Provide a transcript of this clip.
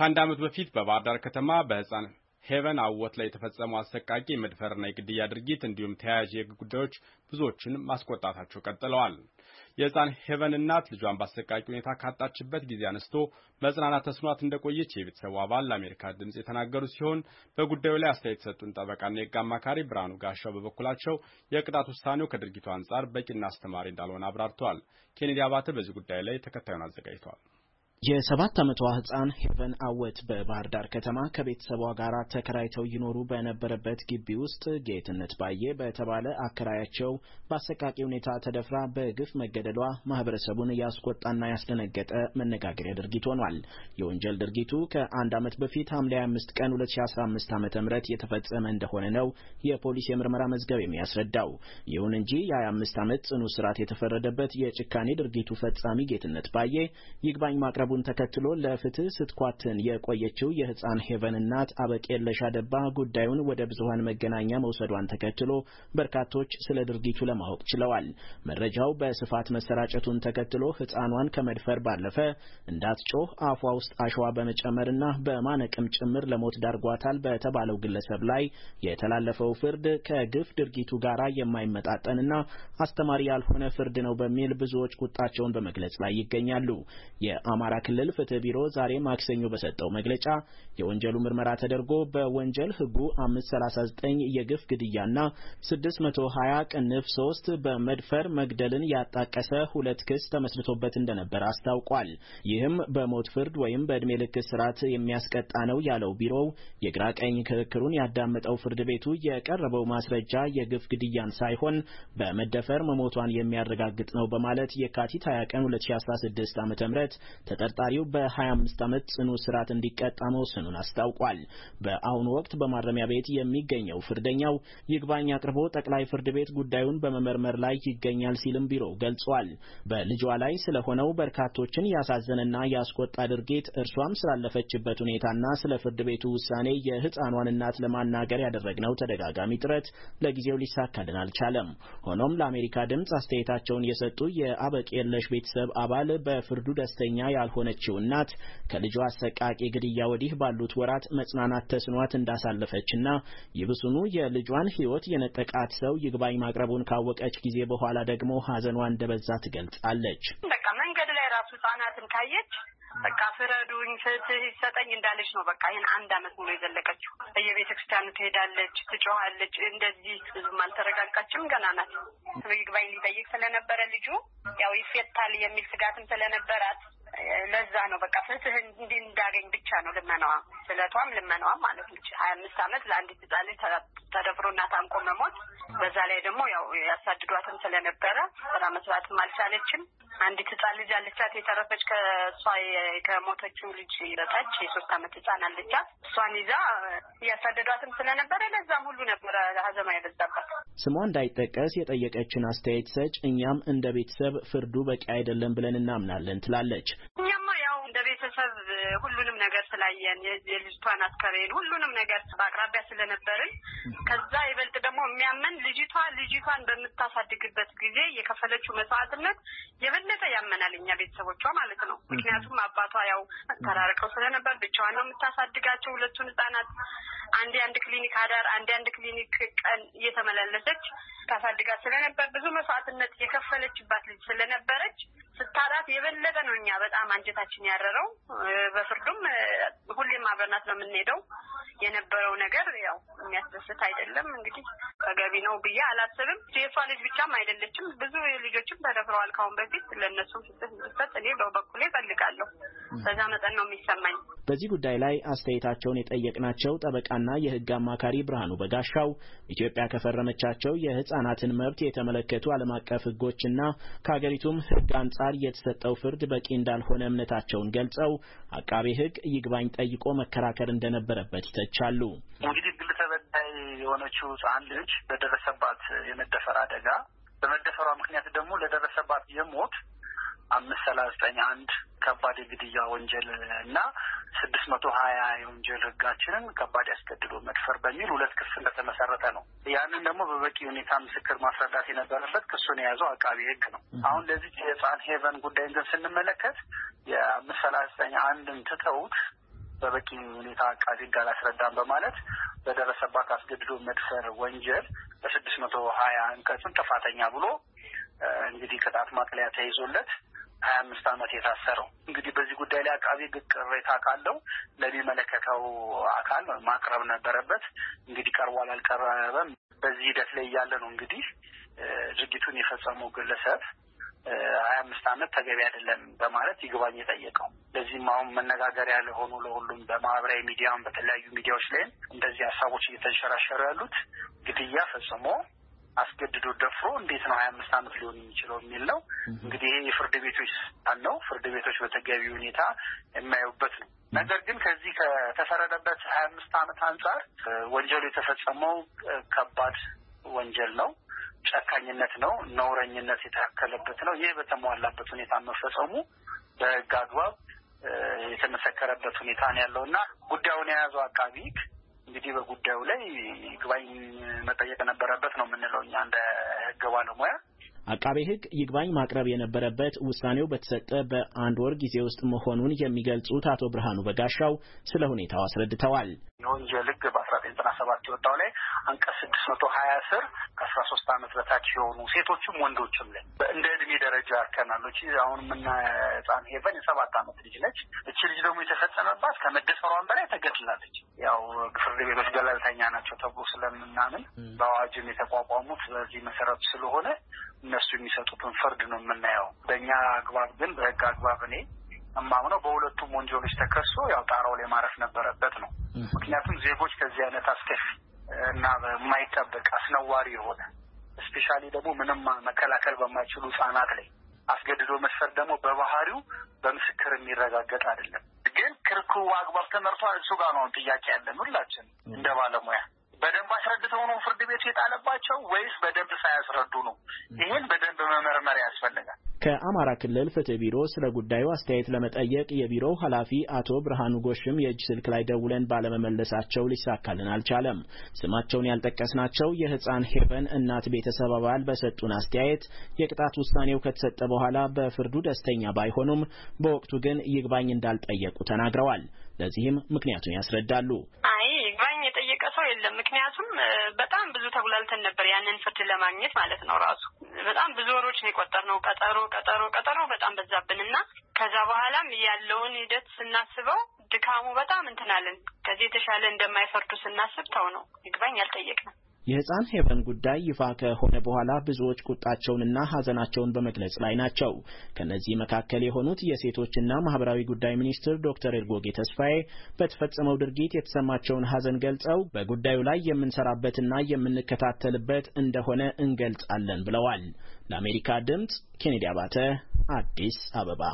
ከአንድ ዓመት በፊት በባህር ዳር ከተማ በሕፃን ሄቨን አወት ላይ የተፈጸመው አሰቃቂ የመድፈርና የግድያ ድርጊት እንዲሁም ተያያዥ የህግ ጉዳዮች ብዙዎችን ማስቆጣታቸው ቀጥለዋል። የሕፃን ሄቨን እናት ልጇን በአሰቃቂ ሁኔታ ካጣችበት ጊዜ አንስቶ መጽናናት ተስኗት እንደቆየች የቤተሰቡ አባል ለአሜሪካ ድምፅ የተናገሩ ሲሆን በጉዳዩ ላይ አስተያየት የሰጡን ጠበቃና የህግ አማካሪ ብርሃኑ ጋሻው በበኩላቸው የቅጣት ውሳኔው ከድርጊቱ አንጻር በቂና አስተማሪ እንዳልሆነ አብራርተዋል። ኬኔዲ አባተ በዚህ ጉዳይ ላይ ተከታዩን አዘጋጅተዋል። የሰባት ዓመቷ ሕፃን ሄቨን አወት በባህር ዳር ከተማ ከቤተሰቧ ጋር ተከራይተው ይኖሩ በነበረበት ግቢ ውስጥ ጌትነት ባየ በተባለ አከራያቸው በአሰቃቂ ሁኔታ ተደፍራ በግፍ መገደሏ ማህበረሰቡን ያስቆጣና ያስደነገጠ መነጋገሪያ ድርጊት ሆኗል። የወንጀል ድርጊቱ ከአንድ ዓመት በፊት ሐምሌ 25 ቀን 2015 ዓ ም የተፈጸመ እንደሆነ ነው የፖሊስ የምርመራ መዝገብ የሚያስረዳው። ይሁን እንጂ የ25 ዓመት ጽኑ እስራት የተፈረደበት የጭካኔ ድርጊቱ ፈጻሚ ጌትነት ባየ ይግባኝ ማቅረብ ሐሳቡን ተከትሎ ለፍትህ ስትኳትን የቆየችው የህፃን ሄቨን እናት አበቄለሽ አደባ ጉዳዩን ወደ ብዙሀን መገናኛ መውሰዷን ተከትሎ በርካቶች ስለ ድርጊቱ ለማወቅ ችለዋል። መረጃው በስፋት መሰራጨቱን ተከትሎ ህፃኗን ከመድፈር ባለፈ እንዳትጮህ አፏ ውስጥ አሸዋ በመጨመርና በማነቅም ጭምር ለሞት ዳርጓታል በተባለው ግለሰብ ላይ የተላለፈው ፍርድ ከግፍ ድርጊቱ ጋር የማይመጣጠንና አስተማሪ ያልሆነ ፍርድ ነው በሚል ብዙዎች ቁጣቸውን በመግለጽ ላይ ይገኛሉ። የአማራ ክልል ፍትህ ቢሮ ዛሬ ማክሰኞ በሰጠው መግለጫ የወንጀሉ ምርመራ ተደርጎ በወንጀል ህጉ 539 የግፍ ግድያና 620 ቅንፍ 3 በመድፈር መግደልን ያጣቀሰ ሁለት ክስ ተመስርቶበት እንደነበር አስታውቋል። ይህም በሞት ፍርድ ወይም በዕድሜ ልክ እስራት የሚያስቀጣ ነው ያለው ቢሮው የግራ ቀኝ ክርክሩን ያዳመጠው ፍርድ ቤቱ የቀረበው ማስረጃ የግፍ ግድያን ሳይሆን በመደፈር መሞቷን የሚያረጋግጥ ነው በማለት የካቲት 20 ቀን 2016 ዓ.ም ተጠርጣሪው በ25 ዓመት ጽኑ እስራት እንዲቀጣ መወሰኑን አስታውቋል። በአሁኑ ወቅት በማረሚያ ቤት የሚገኘው ፍርደኛው ይግባኝ አቅርቦ ጠቅላይ ፍርድ ቤት ጉዳዩን በመመርመር ላይ ይገኛል ሲልም ቢሮው ገልጿል። በልጇ ላይ ስለሆነው በርካቶችን ያሳዘነና ያስቆጣ ድርጊት እርሷም ስላለፈችበት ሁኔታና ስለ ፍርድ ቤቱ ውሳኔ የህፃኗን እናት ለማናገር ያደረግነው ተደጋጋሚ ጥረት ለጊዜው ሊሳካልን አልቻለም። ሆኖም ለአሜሪካ ድምፅ አስተያየታቸውን የሰጡ የአበቅ የለሽ ቤተሰብ አባል በፍርዱ ደስተኛ ያልሆ የሆነችው እናት ከልጇ አሰቃቂ ግድያ ወዲህ ባሉት ወራት መጽናናት ተስኗት እንዳሳለፈችና ይብሱኑ የልጇን ሕይወት የነጠቃት ሰው ይግባኝ ማቅረቡን ካወቀች ጊዜ በኋላ ደግሞ ሐዘኗ እንደበዛ ትገልጻለች። በቃ መንገድ ላይ ራሱ ህጻናትን ካየች በቃ ፍረዱኝ፣ ፍትህ ይሰጠኝ እንዳለች ነው። በቃ ይህን አንድ አመት ሙሉ የዘለቀችው በየቤተ ክርስቲያኑ ትሄዳለች፣ ትጮኋለች። እንደዚህ ብዙም አልተረጋጋችም፣ ገና ናት። ይግባኝ ሊጠይቅ ስለነበረ ልጁ ያው ይፌታል የሚል ስጋትም ስለነበራት ለዛ ነው በቃ ፍትህ እንዲ እንዳገኝ ብቻ ነው ልመናዋ፣ ስለቷም ልመናዋም ማለት ነች። ሀያ አምስት አመት ለአንዲት ህጻን ልጅ ተደፍሮና ታንቆ መሞት፣ በዛ ላይ ደግሞ ያው ያሳድዷትም ስለነበረ ስራ መስራትም አልቻለችም። አንዲት ህጻን ልጅ አለቻት። የተረፈች ከእሷ ከሞተችው ልጅ ረጠች። የሶስት አመት ህጻን አለቻት። እሷን ይዛ እያሳደዷትም ስለነበረ ለዛም ሁሉ ነበረ ሀዘማ የበዛባት። ስሟ እንዳይጠቀስ የጠየቀችን አስተያየት ሰጭ እኛም እንደ ቤተሰብ ፍርዱ በቂ አይደለም ብለን እናምናለን ትላለች። ሁሉንም ነገር ስላየን የልጅቷን አስከሬን ሁሉንም ነገር በአቅራቢያ ስለነበርን ከዛ ይበልጥ ደግሞ የሚያመን ልጅቷ ልጅቷን በምታሳድግበት ጊዜ የከፈለችው መስዋዕትነት የበለጠ ያመናል እኛ ቤተሰቦቿ ማለት ነው። ምክንያቱም አባቷ ያው ተራርቀው ስለነበር ብቻዋን ነው የምታሳድጋቸው ሁለቱን ህጻናት አንድ አንድ ክሊኒክ አዳር አንድ አንድ ክሊኒክ ቀን እየተመላለሰች ታሳድጋት ስለነበር ብዙ መስዋዕትነት የከፈለችባት ልጅ ስለነበረች ስታላት የበለጠ ነው እኛ በጣም አንጀታችን ያረረው። በፍርዱም ሁሌም አብረናት ነው የምንሄደው። የነበረው ነገር ያው የሚያስደስት አይደለም። እንግዲህ ተገቢ ነው ብዬ አላስብም። የእሷ ልጅ ብቻም አይደለችም፣ ብዙ ልጆችም ተደፍረዋል ከአሁን በፊት ለእነሱም ፍትህ እንዲሰጥ እኔ በበኩሌ እፈልጋለሁ። በዛ መጠን ነው የሚሰማኝ። በዚህ ጉዳይ ላይ አስተያየታቸውን የጠየቅናቸው ጠበቃና የህግ አማካሪ ብርሃኑ በጋሻው ኢትዮጵያ ከፈረመቻቸው የህፃናትን መብት የተመለከቱ ዓለም አቀፍ ህጎችና ከሀገሪቱም ህግ አንጻር የተሰጠው ፍርድ በቂ እንዳልሆነ እምነታቸውን ገልጸው አቃቤ ህግ ይግባኝ ጠይቆ መከራከር እንደነበረበት ይተቻሉ። እንግዲህ ግል ተበዳይ የሆነችው ህጻን ልጅ በደረሰባት የመደፈር አደጋ በመደፈሯ ምክንያት ደግሞ ለደረሰባት የሞት አምስት ሰላሳ ዘጠኝ አንድ ከባድ የግድያ ወንጀል እና ስድስት መቶ ሀያ የወንጀል ህጋችንን ከባድ ያስገድዶ መድፈር በሚል ሁለት ክስ እንደተመሰረተ ነው። ያንን ደግሞ በበቂ ሁኔታ ምስክር ማስረዳት የነበረበት ክሱን የያዘው አቃቢ ህግ ነው። አሁን ለዚህ የህፃን ሄቨን ጉዳይ ግን ስንመለከት የአምስት ሰላሳ ዘጠኝ አንድን ትተውት በበቂ ሁኔታ አቃቢ ህግ አላስረዳም በማለት በደረሰባት አስገድዶ መድፈር ወንጀል በስድስት መቶ ሀያ አንቀጹን ጥፋተኛ ብሎ እንግዲህ ቅጣት ማቅለያ ተይዞለት ሀያ አምስት ዓመት የታሰረው። እንግዲህ በዚህ ጉዳይ ላይ አቃቢ ሕግ ቅሬታ ካለው ለሚመለከተው አካል ማቅረብ ነበረበት። እንግዲህ ቀርቧል አልቀረበም፣ በዚህ ሂደት ላይ እያለ ነው እንግዲህ ድርጊቱን የፈጸመው ግለሰብ ሀያ አምስት ዓመት ተገቢ አይደለም በማለት ይግባኝ የጠየቀው። ለዚህም አሁን መነጋገሪያ ለሆኑ ለሁሉም በማህበራዊ ሚዲያም በተለያዩ ሚዲያዎች ላይም እንደዚህ ሀሳቦች እየተንሸራሸሩ ያሉት ግድያ ፈጽሞ አስገድዶ ደፍሮ እንዴት ነው ሀያ አምስት ዓመት ሊሆን የሚችለው የሚል ነው። እንግዲህ ይሄ የፍርድ ቤቶች ስልጣን ነው። ፍርድ ቤቶች በተገቢ ሁኔታ የማያዩበት ነው። ነገር ግን ከዚህ ከተፈረደበት ሀያ አምስት አመት አንጻር ወንጀሉ የተፈጸመው ከባድ ወንጀል ነው። ጨካኝነት ነው። ነውረኝነት የተካከለበት ነው። ይህ በተሟላበት ሁኔታ መፈጸሙ በህግ አግባብ የተመሰከረበት ሁኔታ ነው ያለው እና ጉዳዩን የያዘው አቃቢ ህግ እንግዲህ በጉዳዩ ላይ ይግባኝ መጠየቅ ነበረበት ነው የምንለው እኛ እንደ ህግ ባለሙያ። አቃቤ ህግ ይግባኝ ማቅረብ የነበረበት ውሳኔው በተሰጠ በአንድ ወር ጊዜ ውስጥ መሆኑን የሚገልጹት አቶ ብርሃኑ በጋሻው ስለ ሁኔታው አስረድተዋል። የወንጀል ሕግ በአስራ ዘጠኝ ዘጠና ሰባት የወጣው ላይ አንቀጽ ስድስት መቶ ሀያ ስር ከአስራ ሶስት አመት በታች የሆኑ ሴቶችም ወንዶችም ላይ እንደ እድሜ ደረጃ ያከናሎች። አሁን የምና ህጻን ሄበን የሰባት አመት ልጅ ነች። እቺ ልጅ ደግሞ የተፈጸመባት ከመደፈሯን በላይ ተገድላለች። ያው ፍርድ ቤቶች ገለልተኛ ናቸው ተብሎ ስለምናምን በአዋጅም የተቋቋሙት በዚህ መሰረቱ ስለሆነ እነሱ የሚሰጡትን ፍርድ ነው የምናየው። በእኛ አግባብ ግን በህግ አግባብ እኔ እማምነው በሁለቱም ወንጀሎች ተከሶ ያው ጣራው ላይ ማረፍ ነበረበት ነው። ምክንያቱም ዜጎች ከዚህ አይነት አስከፊ እና የማይጠበቅ አስነዋሪ የሆነ ስፔሻሊ ደግሞ ምንም መከላከል በማይችሉ ህጻናት ላይ አስገድዶ መስፈር ደግሞ በባህሪው በምስክር የሚረጋገጥ አይደለም። ግን ክርኩ አግባብ ተመርቶ እሱ ጋር ነው ጥያቄ ያለን ሁላችን እንደ ባለሙያ በደንብ አስረድተው ነው ፍርድ ቤቱ የጣለባቸው ወይስ በደንብ ሳያስረዱ ነው? ይህን በደንብ መመርመር ያስፈልጋል። ከአማራ ክልል ፍትህ ቢሮ ስለ ጉዳዩ አስተያየት ለመጠየቅ የቢሮው ኃላፊ አቶ ብርሃኑ ጎሽም የእጅ ስልክ ላይ ደውለን ባለመመለሳቸው ሊሳካልን አልቻለም። ስማቸውን ያልጠቀስናቸው የህፃን ሄቨን እናት ቤተሰብ አባል በሰጡን አስተያየት የቅጣት ውሳኔው ከተሰጠ በኋላ በፍርዱ ደስተኛ ባይሆኑም በወቅቱ ግን ይግባኝ እንዳልጠየቁ ተናግረዋል። ለዚህም ምክንያቱን ያስረዳሉ። የለም። ምክንያቱም በጣም ብዙ ተጉላልተን ነበር ያንን ፍርድ ለማግኘት ማለት ነው። ራሱ በጣም ብዙ ወሮች ነው የቆጠርነው። ቀጠሮ ቀጠሮ ቀጠሮ በጣም በዛብን እና ከዛ በኋላም ያለውን ሂደት ስናስበው ድካሙ በጣም እንትናለን። ከዚህ የተሻለ እንደማይፈርዱ ስናስብ ተው ነው ይግባኝ ያልጠየቅነው የሕፃን ሄቨን ጉዳይ ይፋ ከሆነ በኋላ ብዙዎች ቁጣቸውንና ሐዘናቸውን በመግለጽ ላይ ናቸው። ከእነዚህ መካከል የሆኑት የሴቶችና ማህበራዊ ጉዳይ ሚኒስትር ዶክተር ኤርጎጌ ተስፋዬ በተፈጸመው ድርጊት የተሰማቸውን ሐዘን ገልጸው በጉዳዩ ላይ የምንሰራበትና የምንከታተልበት እንደሆነ እንገልጻለን ብለዋል። ለአሜሪካ ድምፅ ኬኔዲ አባተ አዲስ አበባ